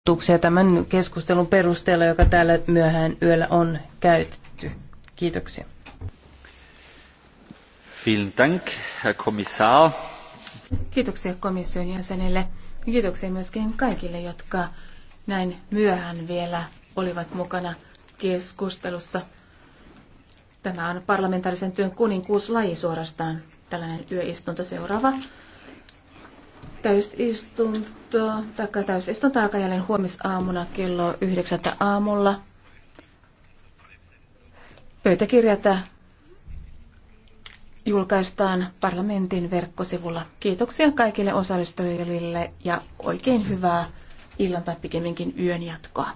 ehdotuksia tämän keskustelun perusteella, joka täällä myöhään yöllä on käytetty. Kiitoksia. Vielen Dank, Herr Kommissar. Kiitoksia komission jäsenelle ja kiitoksia myöskin kaikille, jotka näin myöhään vielä olivat mukana keskustelussa. Tämä on parlamentaarisen työn kuninkuuslaji suorastaan, tällainen yöistunto seuraava. Täysistunto, taikka täysistunto alkaa jälleen huomisaamuna kello yhdeksältä aamulla. Pöytäkirjata julkaistaan parlamentin verkkosivulla. Kiitoksia kaikille osallistujille ja oikein hyvää illan tai pikemminkin yön jatkoa.